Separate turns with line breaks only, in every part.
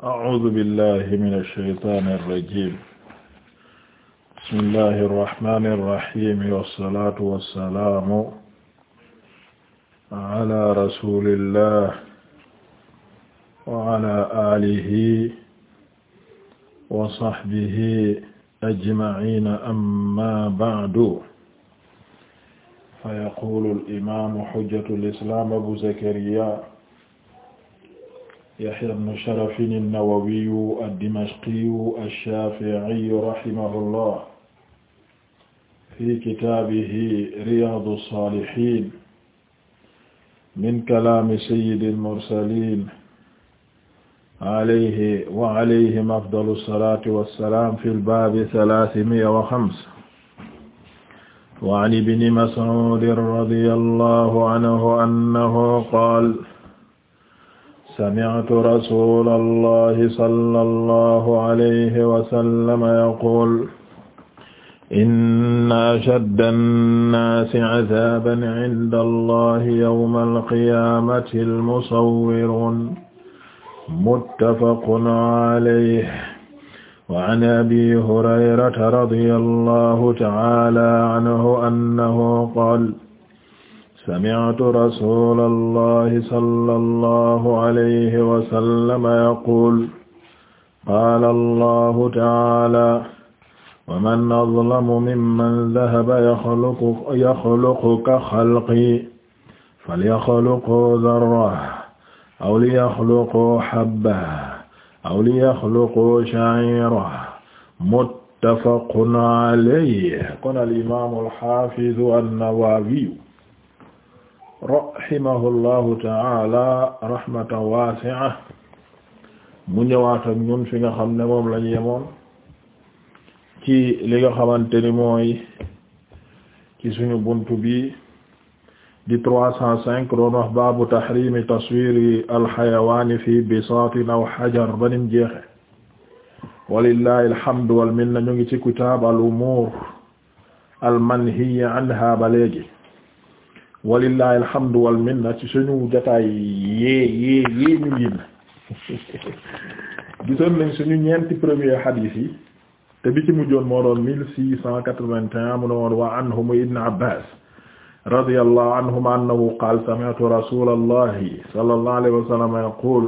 أعوذ بالله من الشيطان الرجيم بسم الله الرحمن الرحيم والصلاة والسلام على رسول الله وعلى آله وصحبه أجمعين أما بعد فيقول الإمام حجة الإسلام أبو زكريا Yahya ibn Sharaf an-Nawawi ad-Dimashqi ash-Shafi'i rahimahullah fi kitaabihi Riyaadu s-Saalihiin min kalaami sayyidil mursaliin alayhi wa alayhim afdalu s-salaati wa s-salaam fil baabi salaasimi'a wa xamsa wa 'an ibni Mas'uud radiyallaahu anhu annahu qaala sami'tu rasulallahi sallallahu alayhi wa sallam yaqul inna ashadda nnaasi 'adhaaban 'inda allahi yawma alqiyaamati almusawwiruun muttafaqun 'alayhi wa 'an abi hurayrata radiyallahu ta'ala 'anhu annahu qaala sami'tu rasulallahi sallallahu alayhi wa sallam yaqul qaala allahu ta'ala wa man azlamu mimman dhahaba yaxluqu yaxluqu ka xalqi falyaxluqu zarra aw liyaxluqu habba aw liyaxluqu sha'ira muttafaqun alayhi kon al imaamu al-haafidu an-Nawawi rahimahullahu taala rahmatan wasi'a mu ñëwaat ak ñun fi nga xam ne moom la ñu yemoon ci li nga xamante ni mooy ci suñu buntu bi di trois cent cinq doon wax baabu tahrimi taswiri alxayawaani fi bisaatin aw xajar banim jeexe walillahi alhamdu walminna ñu ngi ci kitaab al umuur almanhiyi anha ba léegi walillahi alhamdu wal minna ci suñu jotaay yee yee yee ñu génn gisoon nañ suñu ñeenti premier hadith yi te bi ci mujjoon moo doon mille six cent quatre-vingt-un mu ne woon wa anhum ibn Abbas radiyallahu anhuma annahu qaala sami'tu rasulallahi sallallahu alayhi wa sallam yaqul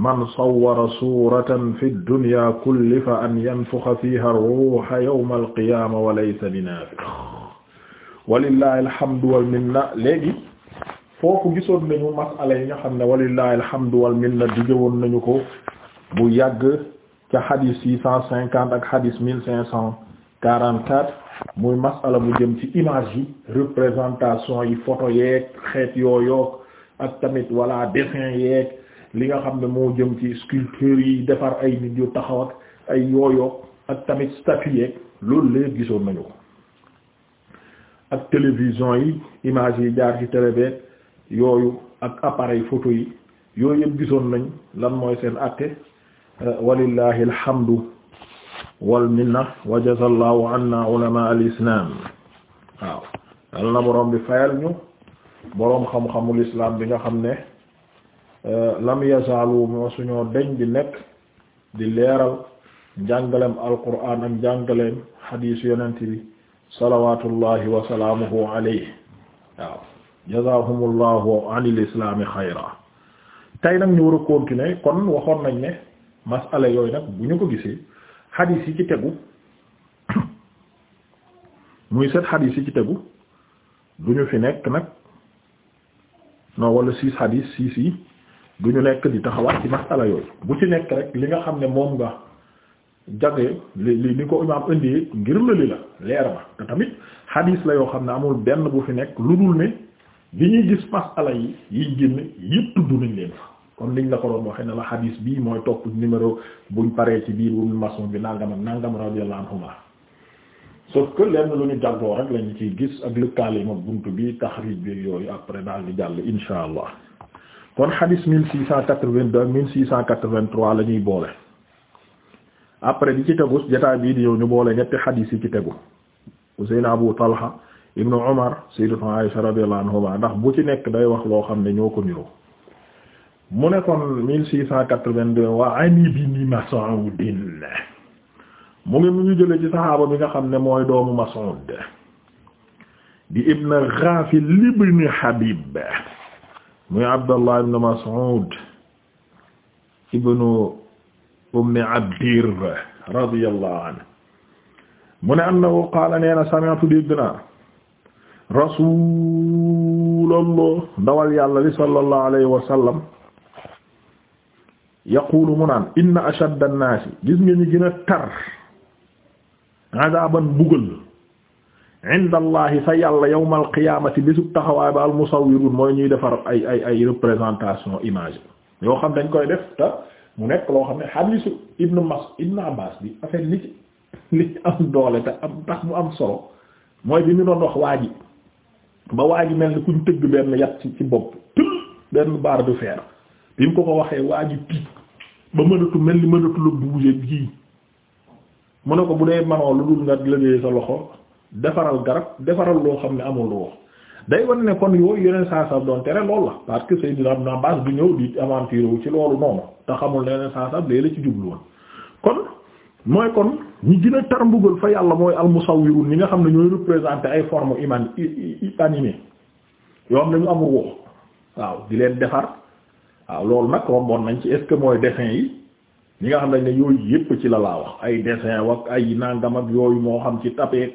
man sawwara suratan fi dunya kullifa an yanfukha fiha ar-ruha yawma al-qiyamah wa laysa binaafikh walillahi alhamdu wal minna léegi foofu gisoon nañu masala yi nga xam ne walillahi alhamdu wal minna dige woon nañu ko bu yàgg ca xadis cinquante ak xadis mille cinq cent quarante quatre muy masala mu jëm ci image représentation yi photo yeeg xeet yooyook ak tamit wala dessin yeeg li nga xam ne moo jëm ci sculpture yi defar ay nit yu taxaw ay yooyoog ak tamit statue yeeg loolu lépp gisoon nañu ko ak télévision yi image yi jaar ci télé yooyu ak appareil photo yi yooyu yëpp gisoon nañ lan mooy seen àtte euh, walillahi alhamdu wal minna wa jazallahu anna ulama al waaw yal na boroom bi fayal ñu boroom xam-xamul islam bi nga xam ne euh, lam yazaalu moo suñoo deñ di nekk di leeral njàngaleem alquran ak njàngaleem xadiis yonent bi salawaatullahi wa salaamuhu alayhi waaw jazaahumullahu anil islaami xayra tey nag ñu war a continuer kon waxoon nañ ne masala yooyu nag bu ñu ko gisee xadiis yi ci tegu muy sept xadiis yi ci tegu du ñu fi nekk nag noo wala six xadiis six yi du ñu nekk di taxawaat ci masala yooyu bu ci nekk rek li nga xam ne moom nga jage li li ni ko imaam indi ngir lëli la leer ma te tamit hadis la yoo xam ne amul benn bu fi nekk lu dul ne bi ñuy gis masala yi yiy génn yëpp tudd nañ leen fa kon liñ la ko doon waxee ne la hadis bii mooy topp numéro buñ paree ci biir buñ maçon bi nangam ak nangam radiyallahu anhuma sauf que lenn lu ñu jàggoo rek lañu ciy gis ak lëkkaale ma buntu bi taxrij bi yooyu après daal di jàll insha allah kon hadis 1682 1683 la ñuy boole. après di ci tegu jotaay bii di ñëw ñu boole ñetti xadiis yi ci tegu Seydina Abu Talha ibnu Umar Sayyidatuna Aisha radiyallahu anhuma ndax bu ci nekk day wax loo xam ne ñoo ko niroo mu ne kon 1682 waa ani ibni Mas'ud mu ngi mu ñu jëlee ci saxaaba bi nga xam ne mooy doomu Mas'ud di ibn Ghafil ibn Habib muy Abdallah ibn Mas'ud ibnu ummi abdir radiyallahu anha mu ne annahu qaala nee na sami'tu dégg naa rasulallah ndawal yàlla li sallallahu alayhi wa sallam yaqulu mu naan inna ashadda an-naas gis nga ñu gën a tar adaban bugal inda allahi fa yàlla yawm alqiyamati bésub taxawaay ba al musawwirun mooy ñuy defar ay ay ay représentation image yoo xam dañ koy def te mu nekk loo xam ne hadiisu ibnu Mas ibnu Abbaas bi affaire li ci li ci am doole te am tax mu am solo mooy bi ñu doon wax waa ji ba waa ji mel ni kuñ tëgg benn yat ci ci bopp tël benn barre de fer bi mu ko ko waxee waa ji tiit ba mënatu mel ni mënatu la bouger bii mu ne ko bu dee manoo lu dul nga lëgee sa loxo defaral garab defaral loo xam ne amul lu day wane ne kon yooyu yeneen saa saaf doon tere loolu la parce que Seydina Ibn Abbas du ñëw di aventure wu ci loolu noonu te xamul ne yeneen saa saaf lee la ci jublu woon kon mooy kon ñi gën a tar mbugal fa yàlla mooy almusawwirun ñi nga xam ne ñooy représenter ay forme iman animées yoo xam ne ñu waaw di leen defar waaw loolu nag romboon nañ ci est-ce que mooy dessin yi ñi nga xam ne yooyu yépp ci la laa wax ay dessin wak ay nangam ak yooyu moo xam ci tapé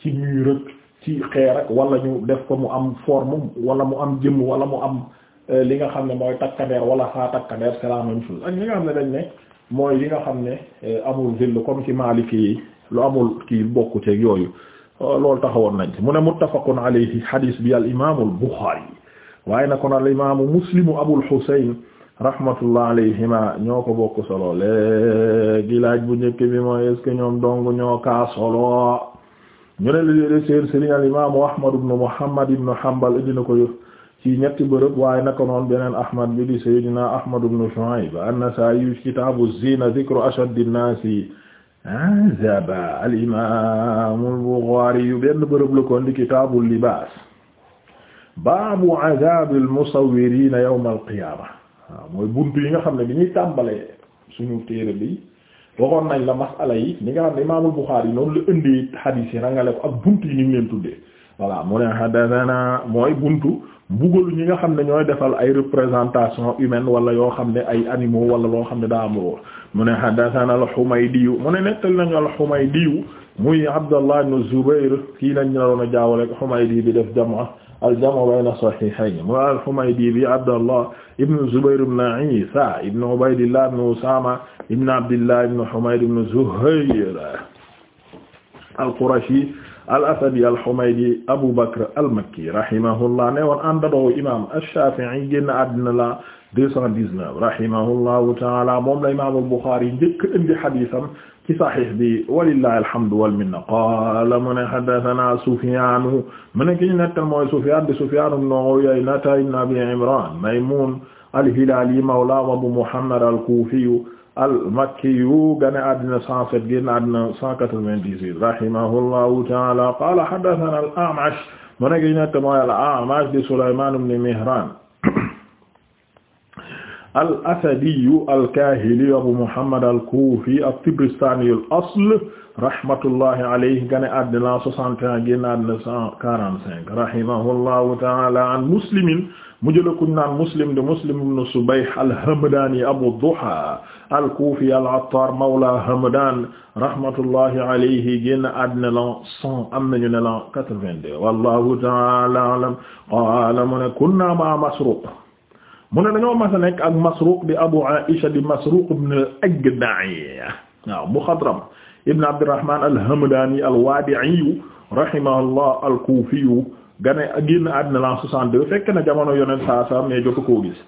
ci mur ci xeer ak wala ñu def ko mu am form wala mu am jëmm wala mu am euh, li nga xam ne mooy takkandeer wala saa takkandeer c'est la même chose ak ñi nga xam ne dañ ne mooy li nga xam ne euh, amul zill comme ci Maliki yi lu amul kii bokku ceeg yooyu euh, loolu taxawoon nañ ci mu ne muttafaqun alayhi hadis bi al imaamu al Buxaari waaye na kon al imaamu Muslimu Abul Husayn rahmatullah alayhima ñoo ko bokk solo léegi laaj bu njëkk bi mooy est ñoom dong ñoo kaa solo. ñu ne li seen sëriñ al imaamu ahmad ibn muhammad ibn hanbal indi ko ci ñetti bërëb waaye naka noon beneen ahmad bi di sayyidina ahmad ibn shu'ayb an-nasaa'i kitaabu zina dhikru ashaddi an-naasi azaba al imaamu al-bukhaari yu benn bërëb la di indi kitaabu libaas baabu azaabi al-musawwiriina yawma al-qiyaama waaw mooy buntu yi nga xam ne bi ñuy tàmbalee suñu téere bi waxoon nañ la masala yi ni nga xam ne imaamul Buxaari yi noonu la indi xadiis yi rangale ko ak bunt yi ni mu leen tuddee voilà mu ne haddathana mooy buntu mbugalu ñi nga xam ne ñooy defal ay représentation humaine wala yoo xam ne ay animaux wala loo xam ne daa amul mu ne haddathana al-Humaydi mu ne nettali nañu al-Humaydi muy Abdallah ibn Zubayr kii lañ la doon a jaawale ak di bi def jamaa al-jam'u bayna sahihayn mu al-Humaydi bi Abdallah ibn Zubayr ibn Isa ibn Ubaydillah ibn Usama ibn Abdillah ibn Humayd ibn Zuhayr al-Qurashi al-Asadi al-Humaydi Abu Bakr al-Makki rahimahullah ne woon àndandoo imaam ash-Shafi'i génn àddina la 219 rahimahullahu ta'ala moom la imaam al-Bukhari njëkk indi hadiisam ci saxiix bi walillahi alhamdu wal minna qaala mu ne haddasanaa Sufyaanu mu ne ki ñu nettal mooy Sufyaan di Sufyaanu ibn Uyayna ibn Abi Imraan Maymuun al-Hilaali mawlaa Abu Muhammad al-Kuufiyu al-Makkiyu gane àddina 107 génn àddina 198 rahimahullahu ta'aala qaala haddasanaa al-A'mash mu ne ki ñu nettal mooy al-A'mash di Sulaymaan ibn Mihraan al asadiyu al kahiliyu abu muhammad al kuufi at-tabaristaaniyu al asl rahmatullahi alayhi gane àddina 61 génn àddina 145 rahimahullahu ta'ala an muslimin mujjëla kuñ naan muslim de muslim ibn subayh al-hamdani abu duha al-kufi al-attar mawla hamdan rahmatullahi alayhi génn àddina la 100 am nañu ne la 82 wallahu ta'ala a'lam qala mu ne kunna ma masruq mu ne dañoo mas a nekk ak Masruq di Abu Aisha di Masruq ibn al-Ajda'i waaw Mukhadram ibn Abdurrahman al-Hamdani al-Wadi'i rahimahullah al-Kufi gane génn àddina l'an 62 fekk na jamono yonent saa saa mais jotu koo gis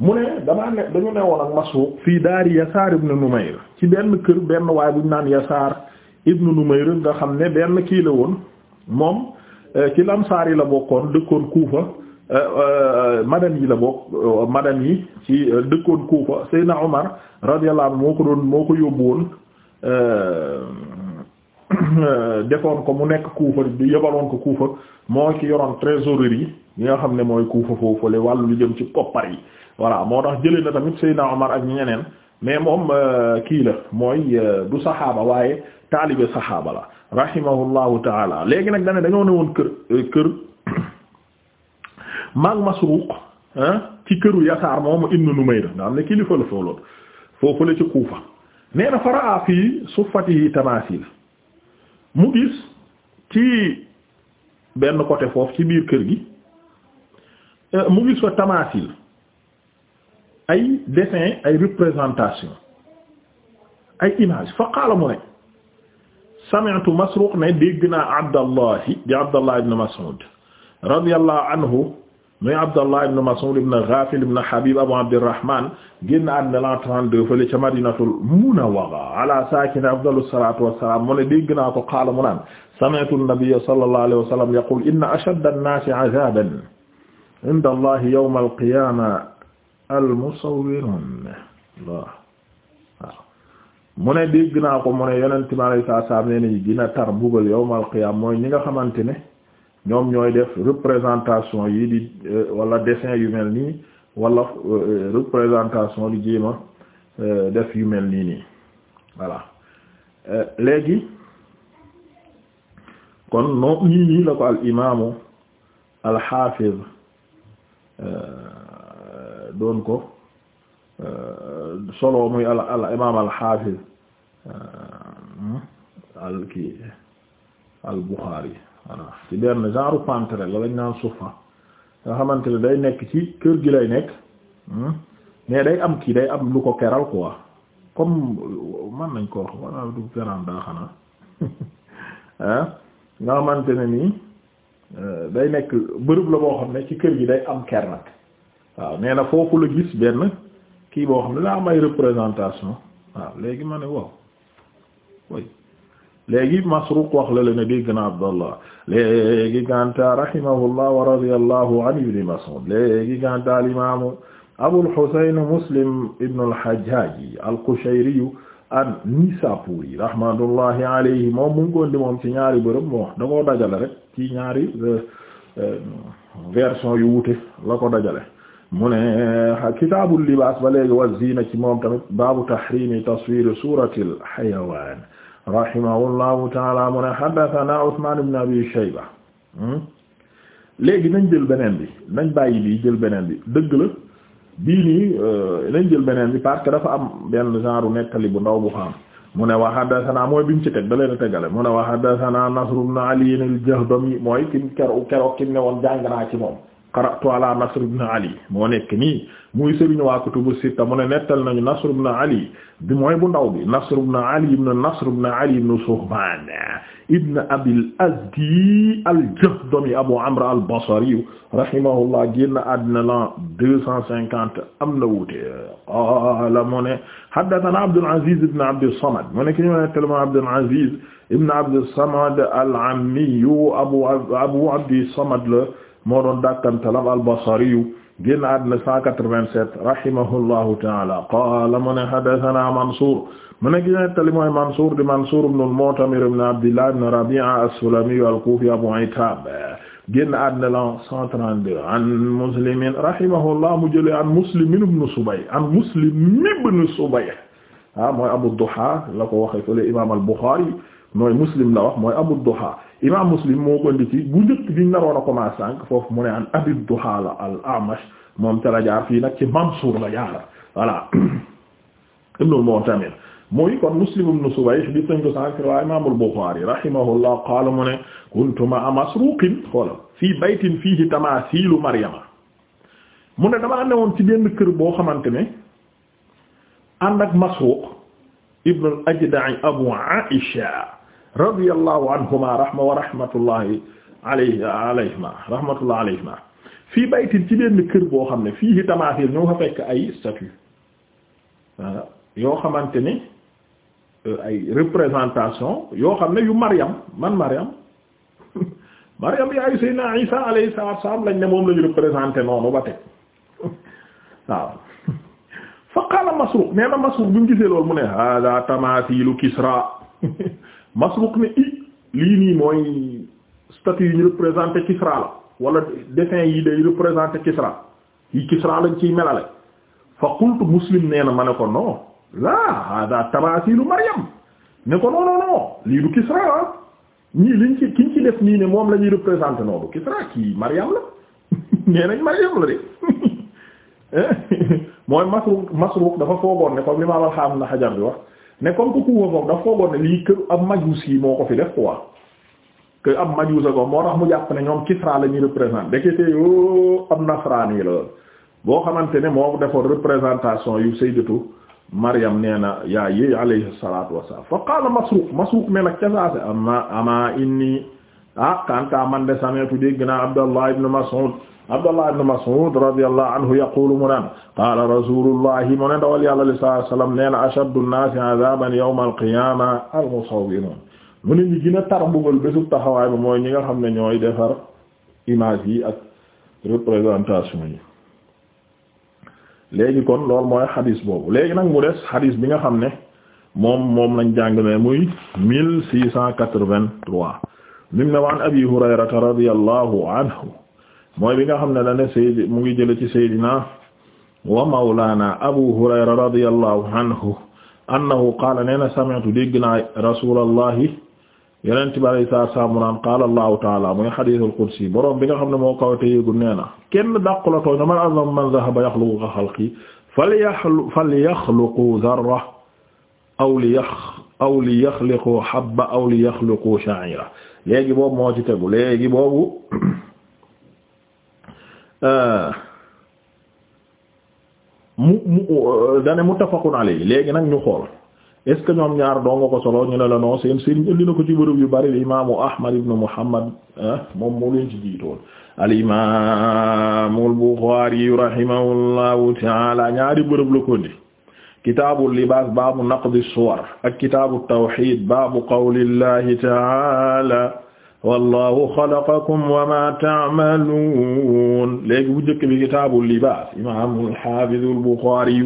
mu ne damaa ne dañu newoon ak Masruq fii daari Yasaar ibn Numayr ci benn kër benn waaye bu ñu naan Yasaar ibn Numayr nga xam ne benn kii la woon moom eh, ci lamsaar yi la bokkoon dëkkoon Kufa Euh, euh, madame yi la bokk euh, madame yi ci dëkkoon Kuufa Seydina Omar radiyallahu anhu moo ko doon moo ko yóbbu woon defoon ko mu nekk Kuufa du yebaloon ko Kuufa moo ci yoroon trésorerie yi nga xam ne mooy Kuufa foofu la wàllu lu jëm ci koppar yi voilà moo tax jëlee na tamit Seydina Omar ak ñeneen mais moom kii la mooy du saxaaba waaye taalibe saxaaba la rahimahullahu taala léegi nag dañ ne dañoo ne woon kër kër. maag Masruq ci këru Yasaar moomu Ibnu na nga xam ne kilifa la fooloon foofu la ci Kuufa nee faraa fii suffatihi tamaasil mu gis ci benn côté foofu ci biir kër gi euh, mu gis fa tamaasil ay dessin ay représentation ay image fa qaala mu ne sami'tu Masruq dégg naa Abdallahi di Abdallah ibn Mas'ud radiyallahu anhu muy Abdallah ibn Mas'ud ibn Ghafil ibn Habib Abu Abdirrahman génn àddina la 32 fële ca Madinatul Munawwara ala saakini afdalu salaatu wassalaam mu ne dégg naa ko qaala mu naan sami'tu an-nabiyya sallallahu alayhi wa sallam yaqul inna ashadda an-naasi 'adhaaban 'inda Allahi yawma al-qiyaamati al-musawwirun waaw mu ne dégg naa ko mu ne Yonent bi alayhi salaam nee na gën a tar mbugal yawma al-qiyaama mooy ñi nga xamante ne. ñoom ñooy def représentation yi di euh, wala dessin yu mel nii wala euh, représentation di jéema euh, def yu mel nii nii voilà léegi kon noo nii nii la ko al imaamu al xaafiz doon ko solo muy al al imaam al xaafiz hmm, al kii al buxaari voilà ci benn genre pantre la lañ naan suufa nga xamante ne day nekk ci kër gi lay nekk hmm? mais day am kii day am lu ko keral quoi comme man nañ koo wax wala du véranda xanaa nga xamante ne nii euh, day nekk bërëb la boo xam ne ci kër gi day am ker nag waaw nee na foofu la gis benn kii boo xam ne daa am représentation waaw léegi ma ne waaw way léegi Masruq wax la leen dégg na Abdallah léegi ganta rahimahullah wa radiyallahu an ibn Mas'ud léegi ganta al-imam Abul Husayn Muslim ibn al-Hajjaj al-Qushayri an-Nisapuri rahmatullahi alayhi moom mu ngi ko indi moom ci ñaari bërëb moo da dajale rek ci ñaari euh, version yu wuute la ko dajale mu ne kitaabul libaas ba léegi wa ziina ci moom tamit baabu tahriimi taswiiri suuratil hayawaan rahimahullahu taala mu ne haddathana Usmaan ibn Abi Shayba hmm? léegi nañ jël beneen bi nañ bàyyi bii jël beneen bi dëgg la bii nii euh, nañ jël beneen bi parce dafa am benn genre nekkali bu ndaw bu xam mu ne wa haddathana mooy bi mu ci teg da leen a tegale mu ne wa haddathana Nasr ibn Ali al-Jahdami mooy kim keroog keroog kim ne woon jàng naa ci moom qara'tu ala Nasr ibn Ali moo nekk nii muy sëriñ waa kutubu sitta mu ne nettal nañu Nasr ibn Ali bi mooy bu ndaw bi Nasr ibn Ali ibn Nasr ibn Ali ibn Suhban ibn Abil Azdi al-Jahdami Abu Amr al-Basri rahimahullah génn àddina l'an deux cent cinquante am na wuute qaala mu ne haddathana Abdul Aziz ibn Abdus Samad mu ne ki ñu nettal ma Abdul Aziz ibn Abdus Samad al-Ammi Abu Abu Abdus Samad la moo doon dàkkantalam albasariyu génn àddina 187 rahimahullahu taala qaala mu ne hadathana Mansour mu ne ginettali mooy Mansour di Mansour ibn al-Mu'tamir ibn Abdillah ibn Rabi'a as-Sulami al-Kufi Abu Aytab génn àddina lan 132 an Muslimin rahimahullah mu jëlee an Muslim ibn Subayh an Muslim ibn Subayh ah mooy Abu Duha la ko waxe fële imam al-Bukhari mooy muslim la wax mooy abu duha imam muslim moo ko indi ci bu njëkk biñ naroon a commencé sànq foofu mu ne an abi duha la al amash moom te la jaar fii nag ci mansour la jaar voilà ibnul mu'tamir muy kon muslim ibn subayh bi tañ ko sànq waa imam al bukhari rahimahullah qaala mu ne kuntu ma'a masruqin xoola fii baytin fiihi tamaasilu maryama mu ne damaa newoon ci benn kër boo xamante ne ànd ak masruq ibn al ajda'i abu aisha radiyallahu anhuma rahma wa rahmatullahi alayhi alayhima rahmatullahi alayhima fii baytin ci benn kër boo xam ne fii ci tamasil ñu nga fa fekk ay statue ah, yoo xamante ni euh, ay représentation yoo xam ne yu Maryam man Maryam Maryam yaayu Seydina Isa alayhi salaatu salaam lañ ne moom lañu représenté noonu ba teg waaw fa qaala Masruq nee na Masruq bi mu gisee loolu mu ne hada tamaasilu Kisra Masruq ne i lii nii mooy statue yi ñu représenté Kisra la wala dessin yi day représenté Kisra yi Kisra lañ ciy melale fa qultu Muslim nee na ma ne ko non laa hada tamasilu Maryam ne ko non lii du Kisra ah ñii liñ ci kiñ ci def nii ne moom la ñuy représenté non du Kisra Maryam la nee nañ Maryam la de eh, mooy Masruq Masruq dafa foogoon ne comme li ma amal na xajar bi wax mais comme que kuufa foofu daf foogoon ne lii kër ab majuus yi moo ko fi def quoi que ab majuus a ko moo tax mu jàpp ne ñoom Kisra la ñuy représenté ndekete yoo ab nasraan la boo xamante ne moo defoon représentation yu sayyidatu Maryam nee na yaa yi alayhi salatu wassalam fa qaala Masruq Masruq ne nag ca saase ama ama inni ah kanta man de sametu dégg naa Abdallah ibn Mas'ud Abdullah ibn Mas'ud radiyallahu anhu yaqulu mu naan qaala rasulullahi mu ne ndawal yàlla li sallallahu alayhi wa sallam nee na ashaddu an-naasi adhaban yawma al-qiyaama al-musawwiruun mu ne ñi gën a tar mbugal bésub taxawaay ba mooy ñi nga xam ne ñooy defar image yi ak représentation yi léegi kon loolu mooy xadis boobu léegi nag mu des xadis bi nga xam ne moom moom lañ jàng ne muy mille six cent quatre-vingt-trois mim ne waan abi hurayrata radiyallahu anhu mooy bi nga xam ne da ne Seydi mu ngi jële ci Seydina wa mawlaana Abu Hurayra radiyallahu anhu annahu qaala nee na sami'tu dégg naa rasulallahi yenent bi alay saat salam naan qaala allahu taala muy xadiisul qudsi boroom bi nga xam ne moo kawate yéegul nee na kenn dàqula tooñ man azam man zahaba yaxluqu ka xalqi falyaxlu falyaxluqu zarra aw li yax aw li yaxliqu habba aw li yaxluqu sha'ira léegi boobu moo ci tegu léegi boobu Euh, mu mu euh, dane muttafaqun alayhi léegi nag ñu xool est ce que ñoom ñaar doo nga ko solo ñu ne la non seen sëriñ indi na ko ci bërëb yu bari imaamu Ahmad ibn Muhammad ah, moom moo leen ci jiitoon al imaamu al Bukhari rahimahullahu ta'ala ñaari bërëb la ko indi kitaabu libaas baabu naqdi suwar ak kitaabu tawhid baabu qawlillahi ta'ala wallahu xalaqakum wa ma ta'maluun léegi bu njëkk bi kitaabul libaas imaamul xaafizul buxaari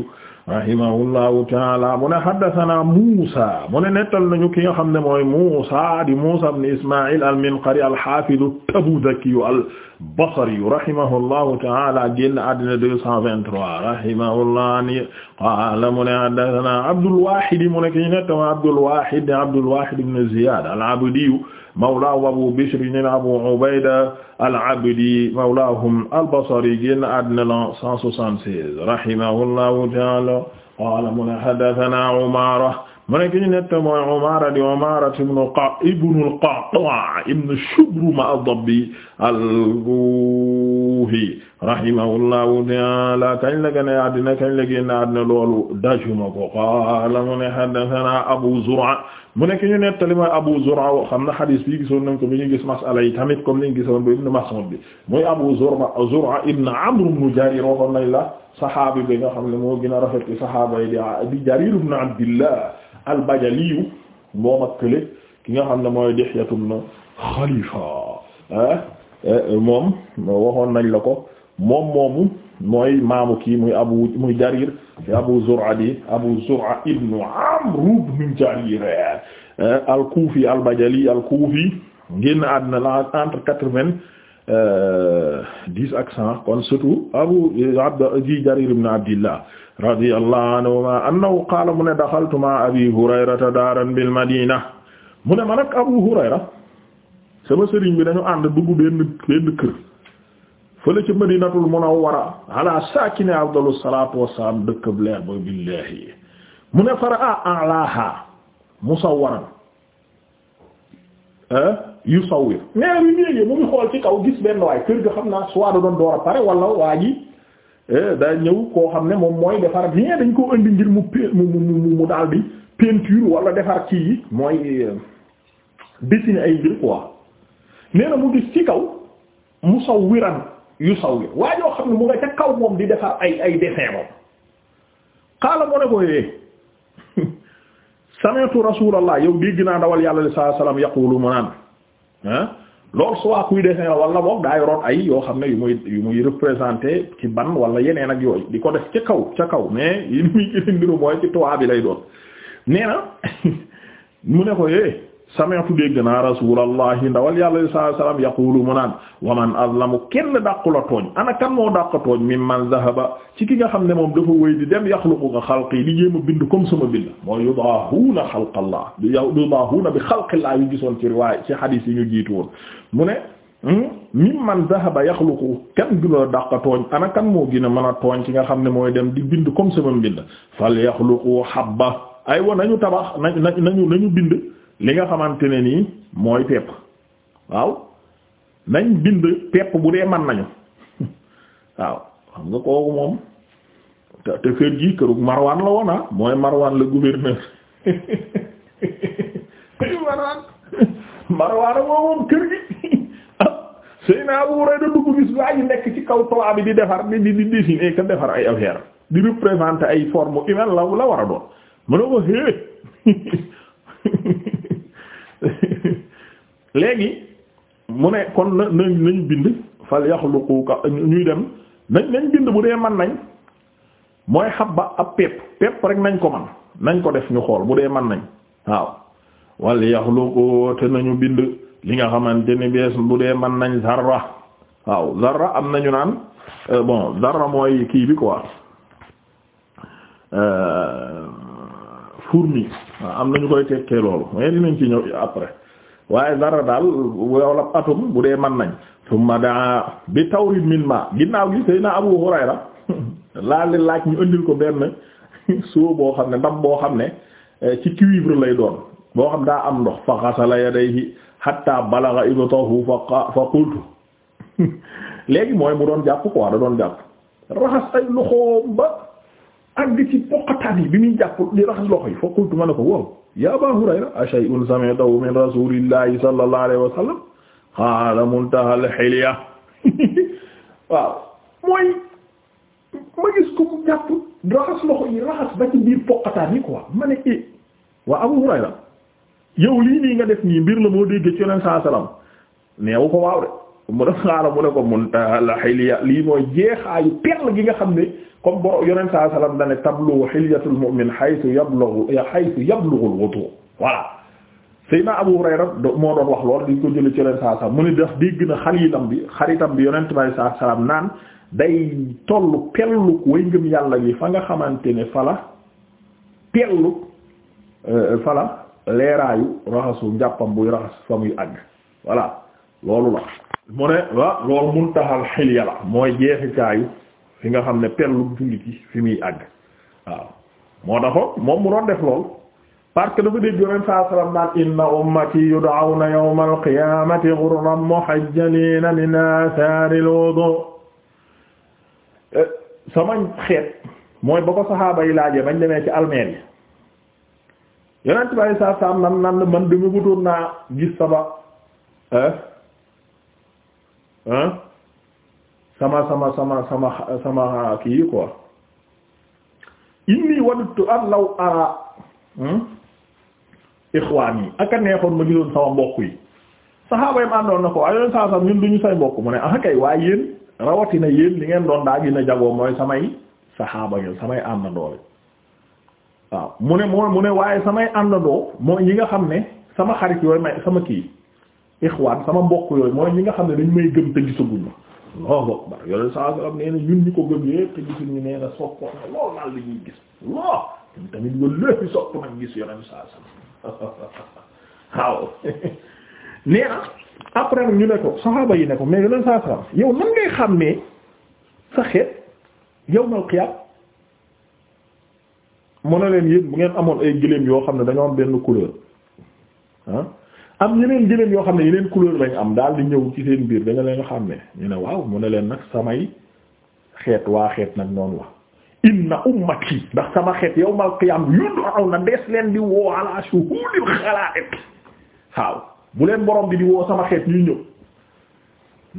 rahimahullahu taala mu ne haddasanaa Muusaa mu ne nettal nañu ki nga xam ne mooy Muusaa di Muusaa ibn Ismaa'iil al-Minqari al-xaafizu Tabuzaki al-Basri rahimahullahu taala génn àddina 223 rahimahullah ni qaala mu ne haddasanaa Abdul Waahid mu ne ki ñu nettal Abdul Waahid Abdul Waahid ibn Ziyaad al-Abdi mawlaahu abu bishr ñu ne abu ubayda al-abdi mawlaahum al-basri génn àddina la 176 rahimahullahu ta'ala qaala mu ne haddathana umaara mu ne ki ñu nett mooy Umaara di Umaara ibnu qa ibnu al-Qaqaa ibnu Shubruma ad-Dabbi al-Kuufi rahimahullahu ta'aala kañ la gane àddina kañ la génn àddina loolu dajuma ko qaala mu ne haddathanaa Abu Zur'a mu ne ki ñu nettali mooy Abu Zur'a xam na hadis bi gisoon nañ ko bi ñu gis masala yi tamit comme ni ñu gisoon bu Ibnu Mas'ud bi mooy Abu Zur'a Zur'a ibnu Amr ibnu Jarir waxoon nañ la saxaabi bi nga xam ne moo gën a rafet ci saxaaba yi di Jarir ibnu Abdillah al-Bajaliyu moom ak kële ki nga xam ne mooy Dihyatu na Xalifa ah, eh, moom waxoon nañ la ko moom moomu mooy maamu kii muy abu muy Jarir abu Zur'a di abu Zur'a ibnu Amr ibnu Jarir eh, al-Kufi al-Bajali al na génn àddina la entre quatre-vingt Euh, dix ak cent kon surtout abu abd ji jarir ibn abdillah radiyallahu anhuma annahu qaala mu ne daxaltu abi hurayrata daaran bil madina mu ne man ak abu hurayra sama sëriñ bi dañu ànd dugg benn benn kër fële ci madinatul munawwara ala saakine afdalu salaatu wassalaam dëkk bu leer ba mu ne fara a alaaha musawwaran yu sawir mais bi mu yéegee mu xool ci kaw gis benn waay kër gi xam naa soit da doon door a pare wala waa ji eh, daa ñëw koo xam ne moom mooy defar bien dañ koo indi ngir mu mu mu mu daal di peinture wala defar kii yi mooy euh, dessiner ay mbir quoi nee na mu gis ci kaw mu sawiran yu sawir waa joo xam ne mu nga ca kaw moom di defar ay ay dessin moom xaala moo ne ko yee eh, sami'tu rasulallah yow dégg naa dawal yàlla sallallahu alayhi wasallam yaqulu mu naan ah loolu soit kuy dessin la wala boog daa yoroon ay yoo xam ne yu muy yu muy représenté ci ban wala yeneen ak yooyu di ko def ca kaw ca kaw mais yi muy gën a niru mooy ci toit bi lay doon nee na mu ne ko yee eh, sami'tu dégg naa rasulallahi ndawal yàlla sallallahu alayhi wasallam yaqulu mu naan wa man azlamu kenn dàqula tooñ ana kan moo dàq tooñ mimman zahaba ci ki nga xam ne moom dafa wéy di dem yaxluqu nga xalqi di jéem a bind comme sama bind mooy yudaahuuna xalqallah yudaahuuna bi xalqillah yu gisoon ci riwaay ci xadiis yi ñu jiitu woon mu ne hmm? mimman zahaba yaxluqu kenn gënula dàq tooñ ana kan moo gën a mën a tooñ ci nga xam ne mooy dem di bind comme sama bind fal yaxluqu habba ay wa nañu tabax nañu nañu nañu bind li nga xamante ne nii mooy pepp waaw nañ bind pepp bu dee man nañu waaw xam nga kooku moom te kër gi këru Marwan la woona ah. mooy marwaan la gouverneur Marwan Marwan moom kër gi ah, Seydina Abu Hurayra dugg gis waa ji nekk ci kaw toit bi di defar di di di dessiner ka defar ay affaire di représenter ay forme humaine la la war a doon mëna ko xé léegi mu ne kon na nañ bind fal yaxluqu ka ñuy dem nañ nañ bind bu dee man nañ mooy xabba ab pepp pepp rek nañ ko man nañ ko def ñu xool bu dee man nañ waaw wal yaxluqu te nañu bind li nga xamante ni bees bu dee man nañ zarra waaw zarra am nañu naan euh, bon zarra mooy kii bi quoi euh, fourmi waaw am nañu koy tekkee loolu mais dinañ ci ñëw après waaye dara daal la atum bu dee man nañ summa daa bi tawrid min ma ginnaaw gi sëy na Abu Hurayra laal li laaj ñu indil ko benn soo boo xam ne ndab boo xam ne eh, ci cuivre lay doon boo xam daa am ndox fa xasala yadayhi hatta balagha ibtahu fa fa qultu léegi mooy mu doon jàpp quoi da doon jàpp raxas ay loxoom ba àgg ci poqataan yi bi muy jàpp li raxas loxo yi fa qultu ma ne ko wow ya Aba Hurayra ashay'un sami'tahu min rasulillahi sallallahu alayhi waaw mooy ma gis ko mu jàpp raxas loxo yi raxas ba ci biir poqataan yi quoi ma ne eh, waa Abu Hurayra yow lii nii nga def nii mbir la moo déggee ci Yonent saa salaam neewu ko waaw de mu def xaaral mu ne ko muntaha al-hilya lii mooy jeexaayu perle gi nga xam ne. comme boro yonent saa salaam dane tablu hilyatul mu'min haythu yablughu haythu yablughu al-wudu voilà Abu Hurayra moo doon wax lool di ko jëlee ci yonent saa salaam mu ne def dégg na xaliilam bi xaritam bi yonent bi saa salaam naan day tollu pelluk way ngëm yàlla gi fa nga xamante ne fala pelluk euh, fala leeraayu raxasu njàppam buy raxas fa muy àgg voilà loolu la mu ne loolu muntaha al la mooy jeexitaayu fi nga xam ne pellum jullit yi fi muy àgg waaw moo taxoon moom mu doon def lool parce dafa dégg yoneen saa sallam naan inna ummati yud'awna yawma alqiyamati ghurran muhajjalina min athari alwudu sama xeet mooy ba ko saxaaba yi laajee bañ demee ci almeer yi yonent bi saa saam nan nan man dama bëggoon naa gis sama ah sama sama sama sama sama kii quoi inni wadtu an law ara hmm, ixwaan ak a neexoon ma gisoon sama mbokk yi saxaaba yi ma àndoon na ko waaye yoon saa sax ñun duñu say mbokk mu ne ah kay waaye yéen rawatina yéen li ngeen doon daa gina jagoo mooy samay saxaaba yi samay àndandoo waaw mu ne mu ne waaye samay àndandoo mooy ñi nga xam ne sama xarit yooyu may sama kii ixwaan sama mbokk yooyu mooy ñi nga xam ne dañ may gëm te gisaguñ ma Allahu akbar yooyu saa salaam nee na ñun ñu ko gëmee te gisul ñu nee na soppoon na li ñuy gis lool ñun tamit walla sopp nag gis yoneen saa salaam waaw nee après ñu ne ko saxaaba yi ne mais yoneen saa salaam yow nan ngay xàmmee sa xeet yawmal qiyaam mu ne leen yéen bu ngeen amoon ay gëléem yoo xam ne dañoo am benn couleur ah am yeneen gëléem yoo xam ne yeneen couleur lañ am daal di ñëw ci seen biir da nga leen xam ne ñu ne waaw mu ne leen nag samay xeet waa xeet nag noonu la inna ummati ndax sama xeet yawmal qiyaam yud'awna dees leen di woo leen bi di woo sama xeet ñuy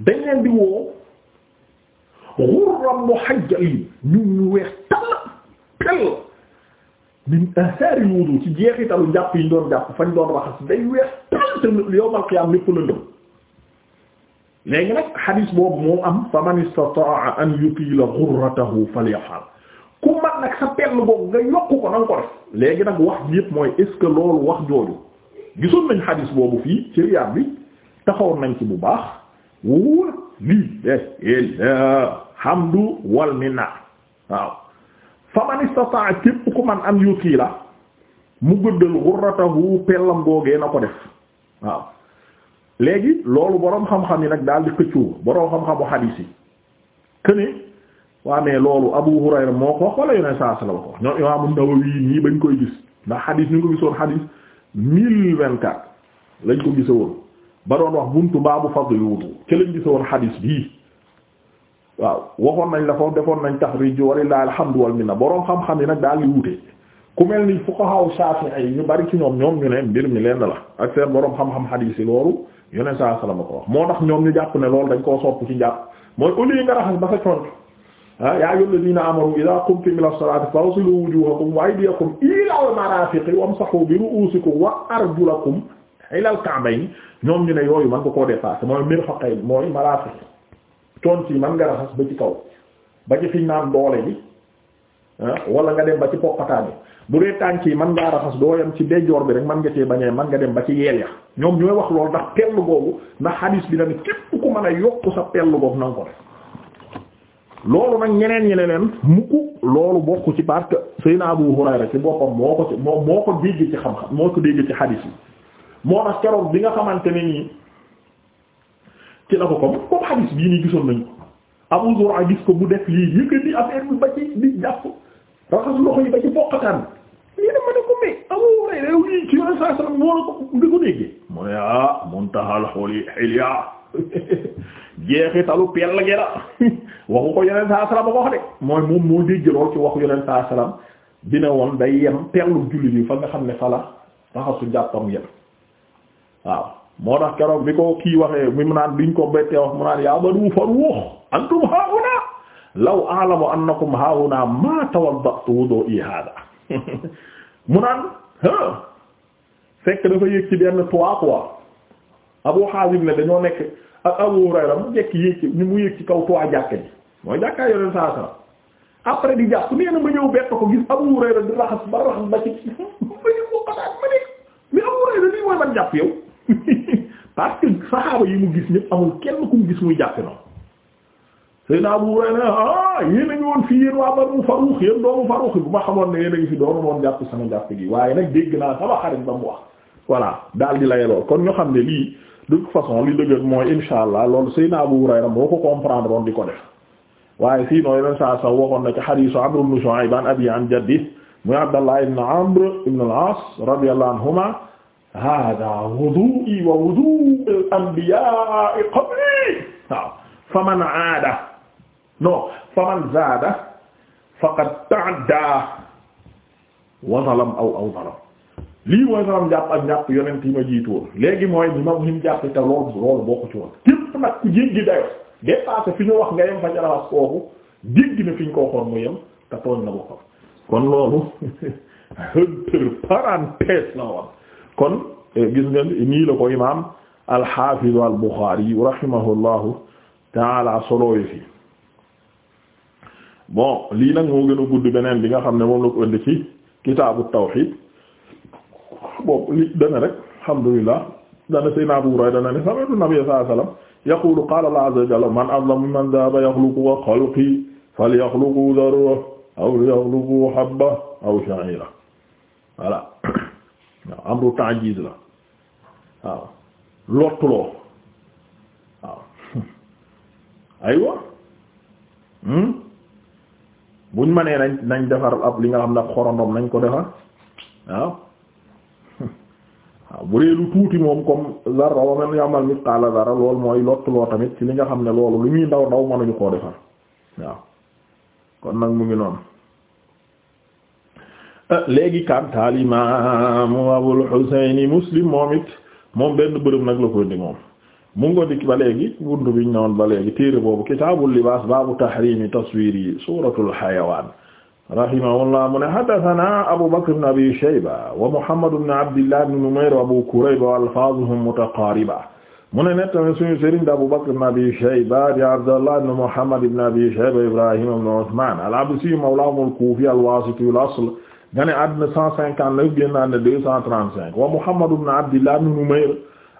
ñëw di woo ghurran ñu ñu weex tàll pell min asaari wudu ci jeexitalu jàpp yi ñu doon jàpp fañ doon raxas day weex tant que yawmal qiyaam lépp la ndëm léegi nag xadiis boobu moo am fa man istata'a an yutila ghurratahu falyafal ku man nag sa pell boobu nga yokk ko na nga ko def léegi nag wax ji yëpp mooy est-ce que loolu wax jooju gisoon nañ xadiis boobu fii ci Riyaad bi taxawoon nañ ci bu baax wóor lii de eh, ilaa eh, hamdu wal minna waaw fa man istata'a képp ku man an yutiila mu guddal ghurratahu pellam googee na ko def waaw léegi loolu boroom xam-xam yi nag daal di këccoo boroom xam-xamu xadiis yi këne waa mais loolu Abu Hurayra moo ko wax wala yoneen saa sala ko ñoom Imaamu Nawawi nii bañ koy gis ndax xadiis ñu ko gisoon xadiis mille vingt-quatre lañ ko gisoon ba doon wax buntu baabu fadl wudu ci lañ gisoon xadiis bii waaw waxoon nañ la foofu defoon nañ taxriij walillahi alhamdu wal minna boroom xam-xam yi nag daal di wute ku mel ni fuqaha Shafi'i yi ñu bari ci ñoom ñoom ñu ne mbir mi lenn la ak seen boroom xam-xam xadiis yi loolu yoneen saa salama ko wax moo tax ñoom ñu jàpp ne lool dañ koo sopp ci njàpp mooy au lieu nga raxas ba sa conc ah yaa ayyuha alladhina amanu idha qumtum ila salati fawsilu wujuhakum wa aydiyakum ila al-marafiqi wamsahu bi ru'usikum wa arjulakum ila al-ka'bayn ñoom ñu ne yooyu man ko koo dépassé mooy mirfaqayn mooy marafiq coon ci man nga raxas ba ci kaw ba ci fiñ naan doole bi ah, walla nga dem ba ci poqataan yi bu dee tànk yi man ngaa raxas doo yem ci déjoor bi rek man nga cee bañee man nga dem ba ci yeel ya ñoom ñooy wax loolu ndax pell googu ndax hadis bi na képp ku mën a yokk sa pell googu na ko def loolu nag ñeneen ñi ne leen mukk loolu bokk ci parce que Seydina Abu Hurayra ci boppam moo ko ci moo moo ko dégg ci xam-xam moo ko dégg ci hadis yi moo tax keroog bi nga xamante nii ci la ko comme comme hadis bii nii gisoon nañu Abu Zur'a loxo yi ba ci bokkataan lii ma ne ko mais Abu Hurayra yow lii ci yoon saa salaam moo la ko di ko déggee mu ne ah, la waxu ko yeneen saa salaam ba ko wax de mooy moom moo dégg lool ci waxu yeneen saa salaam dina woon day yem pellu jullit yi fa nga xam ne fa la raxasu jàppam yem waaw moo tax keroog bi ko kii waxee mi mu naan biñ ko bettee wax mu naan yaa banu faruux antum haahuna law a'lamu annakum haahuna ma tawaddatu wudu'i hada mu naan fekk dafa yéeg ci benn toit quoi Abu Hazim ne dañoo nekk ak mu jekk yéeg ci kaw toit jàkk ji mooy jàkkaa ko gis Abu Hurayra raxas ba raxas ba ci ma ñu mu xataat ma ne mi Abu Hurayra lii mooy man jàpp yow parce que saxaaba yi mu gis ñëpp amul kenn ku mu gis muy jàppe noonu Seydina Abu Hurayra ah yéen a ngi woon fii yéen waa Banu Faruux yéen doomu Faruux bu ma xamoon ne yéen a ngi fi doonu woon jàpp sama jàpp gi waaye nag dégg naa sama xarit ba mu wax voilà daal di la lool kon ñu xam ne lii de toute façon li dëgg mooy insha allah loolu Seydina Abu Hurayra moo ko comprendre woon di ko def waaye fii noo yeneen saa sax waxoon na ci hadiisu Amr ibn Shu'ayb an abiihi an hada wudu'i wa wudu'u al-anbiya'i qabli waaw faman aada non faman zaada faqad ta'adda wa zalam aw aw zalam lii mooy sama njàpp ak njàpp yonent yi ma jiitu woon léegi mooy ñi ma ñim jàpp te loolu loolu bokk ci woon képp nag ku jéggi dayo dépassé fi ñu wax nga yem fa jarawas kooku jéggi na fi ñu ko waxoon mu yem te tooñ na boppam kon loolu entre parenthèse la woon kon eh, gis nga i la ko imaam al-Hafiz al-Bukhari rahimahullahu solo yi fi bon lii nag moo gën a gudd beneen bi nga xam ne moom la ko indi ci kitaabu tawhid boobu li dana rek alhamdulillah dana sayna ya Hurayra dana ne sami'tu nabiyya sallallahu alayhi wasallam yaqulu qala Allah azza wa jalla man azlamu mimman dhahaba yakhluqu ka khalqi falyakhluqu dharra aw yakhluqu habba aw sha'ira voilà waaw amru ta'jiz la waaw lottuloo waaw aywa hmm? buñ ma nee nañ nañ defar ab li nga xam ne ab xorondom nañ ko defar waaw waaw bu dee lu tuuti moom comme zarra wa man ya'mal mithqala zarra loolu mooy lottuloo tamit ci li nga xam ne loolu lu ñuy ndaw ndaw mënuñu koo defar waaw kon nag mu ngi noonu léegi kantaal imaam Abul Husayn Muslim moom it moom benn bërëb nag la ko indi moom mu ngi ko dikk ba léegi buntu biñ newoon ba léegi téere boobu kitaabul libaas baabu tahrimi taswiri suuratul xayawaan rahimahullah mu ne haddasanaa Abu Bakr ibn Abi Shayba wa Muhammad ibn Abdillah ibn Numayr wa Abu Kurayb wa alfaazuhum mutaqaariba mu ne nettami suñu sëriñ Abu Bakr ibn Abi Shayba di Abdallah ibn Muhammad Abi Shayba Ibrahim ibn Usmaan al al-Kuufi al-Waasiti al-asl nga ne àddina cent na deux cent trente-cinq wa Muhammad ibn Abdillah ibn Numayr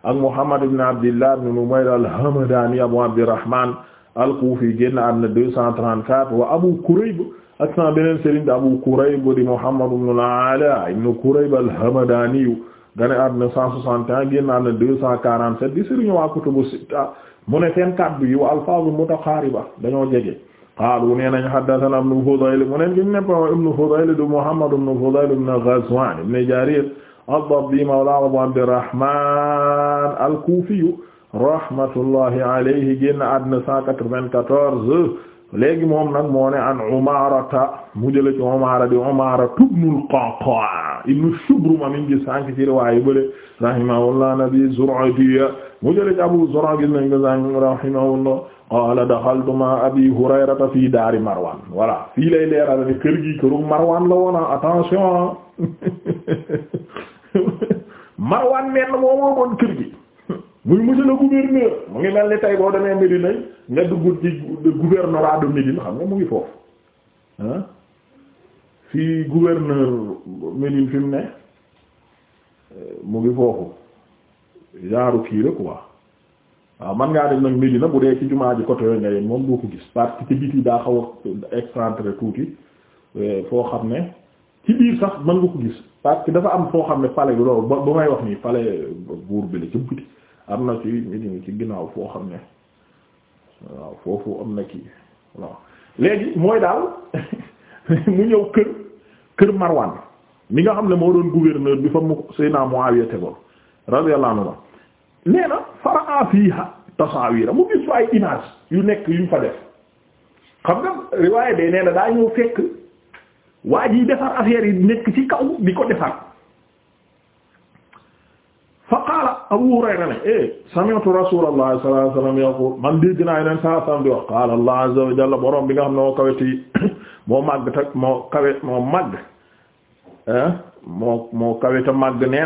ak Muhammad ibn Abdillah ibn Numayr al-Hamdani Abu Abdirrahman al-Kufi génn na àddina deux cent trente-quatre wa Abu Kurayb ak sa beneen sëriñ de Abu Kurayb di Muhammad ibn al-Ala ibn Kurayb al-Hamdani nga ne àddina cent soixante-et-un génn na àddina deux cent quarante-sept di sëriñ kutubu sitta mu ne seen kàddu yi wa alfaazu mutaqaariba dañoo jege qaalu nee nañ haddathana ibnu Fudayl mu neen giñ neppo ibnu Fudayl du Muhammad ibnu Fudayl ibnu Ghazwan ibnu Jarir ad-Dabbi mawla Abu Abdirrahman al-Kufi rahmatullahi alayhi génn àddina 194 léegi moom nag moo ne an Umarata mu jële ci Umara di Umara ibnu al-Qa'qa' ibnu Shubruma min gi sànk ci riwaayu bële rahimahullah nabi Zur'ati mu jële ci Abu Zur'a gis nañ ko sànk rahimahullah qaala daxaltu ma abi hurayrata fii daari marwan voilà fii lay leeral ne kër gi këru marwan la woona attention marwan menn moo moomoon kër gi muy monsieur le mu ngi mel ni tey boo demee Médina nga dugg ci gouvernorat de Médine xam nga mu ngi foofu ah fii gouverneur Médine fi ne mu ngi foofu genre kii la quoi waaw man ngaa dem nag na bu dee ci jumaa ji côté yooyu nga moom doo ko gis parce que ci biti daa xaw a excentré tuuti eh, foo xam ne ci biir sax mën nga ko gis parce que dafa am foo xam ne palais bi loolu ba ba may wax nii palais buur bi la ci biti am na ci Médina ci ginnaaw foo xam ne waaw foofu am na kii waaw léegi mooy daal mu ñëw kër kër Marwan ni nga xam ne moo doon gouverneur bi fa mu Seydina Muawiya tegoon radiyallahu anhu nee na faraa fiiha tasawira mu gis fa ay yu nekk yu ñu fa nga riwaaya de nee daa ñëw fekk waa ji defar affaire nekk ci kaw di ko defar fa qaala Abu Hurayra ne eh, sami'tu Rasulullah sallallahu alayhi wasallam yaqul man dégg naa yeneen saa saam di wax qaala Allah azza wa jalla borom bi nga xam ne moo kawe ti moo màgg te moo kawe moo màgg eh, moo moo kawe te màgg nee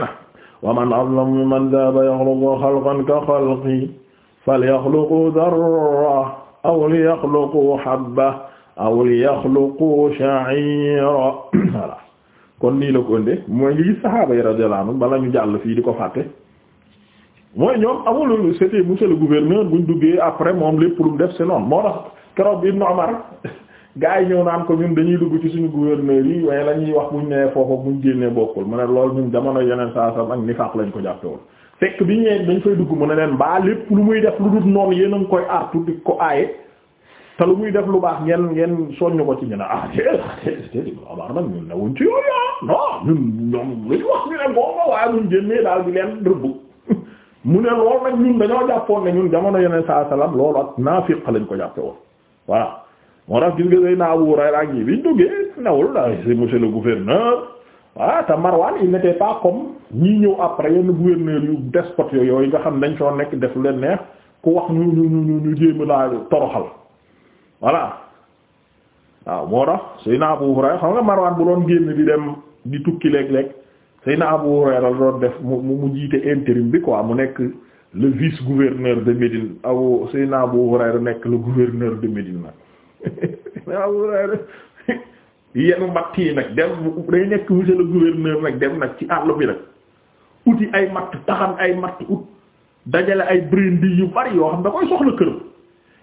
wa man azlamu mimman dhahaba yakhluqu khalqan ka khalqi falyakhluqu dharratan aw liyakhluqu habbatan aw liyakhluqu sha'iran voilà kon nii la ko ënde mooy ngi gis saxaaba yi radiyallahu anhum bala ñu jàll fii di ko fàtte mooy ñoom amul c'était monsieur le gouverneur buñ duggee après moom lépp lu mu def c'est noonu moo tax Ibn Umar gaa yi ñëw naan ko ñun dañuy dugg ci suñu gouverneur yi waaye la ñuy wax buñ nee foofa buñ génnee bokkul mu ne loolu ñun jamono yeneen saa sam ak nifaq lañ ko jàppe woon dañ fay dugg mu ne leen baa lépp lu muy def lu dul noonu a ngi koy artu di ko aaye te lu muy def lu baax ngeen ngeen soññ ko ci ñu ne ah déedéet abaar ci yooyu ah non ñun génnee daal di leen rëbb mu ne loolu nag ñun dañoo jàppoon ne ñun jamono yeneen saa sallam loolu ak naa naafiq lañ ko jàppe woon voilà moo tax gis nga say na Abu Hurayra ak yi biñ duggee newul da c'est monsieur le gouverneur ah te Marwan il n'était pas comme ñii ñëw après yenn gouverneur yu despote yooyu nga xam ne dañ soo nekk def leen neex ku wax ñu ñu ñu ñu jéem laa toroxal voilà waaw moo tax say na Abu Hurayra xam nga Marwan bu doon génn di dem di tukki léeg-léeg say na Abu Hurayra la doon def mu mu jiite intérim bi quoi mu nekk le vice gouverneur de Médine aw say na Abu nekk le gouverneur Abu Hurayra yenu matt yi nag dem day nekk monsieur le nag dem nag ci àll bi nag uti ay matt taxan ay matt ut dajale ay brindis yu bari yoo xam da soxla kër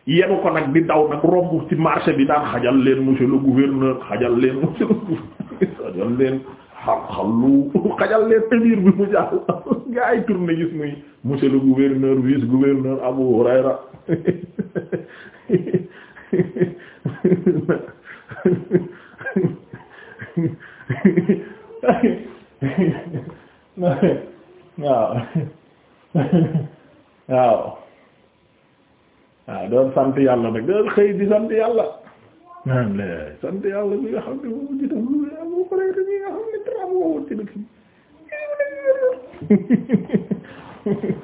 yenu ko nag di daw nag romb ci marché bi daan xajal leen monsieur le gouverneur xajal leen monsieur le gouverneur xajal leen xam-xalu xajal leen bi mu jàll nga ay gis muy monsieur le gouverneur Abu Hurayra waaw waaw waaw doon sant yàlla nag doon xëy di sant yàlla naan la sant yàlla bi nga xam ne moom ci def lu Abu Hurayra bi nga xam ne dara am woon ci dëkk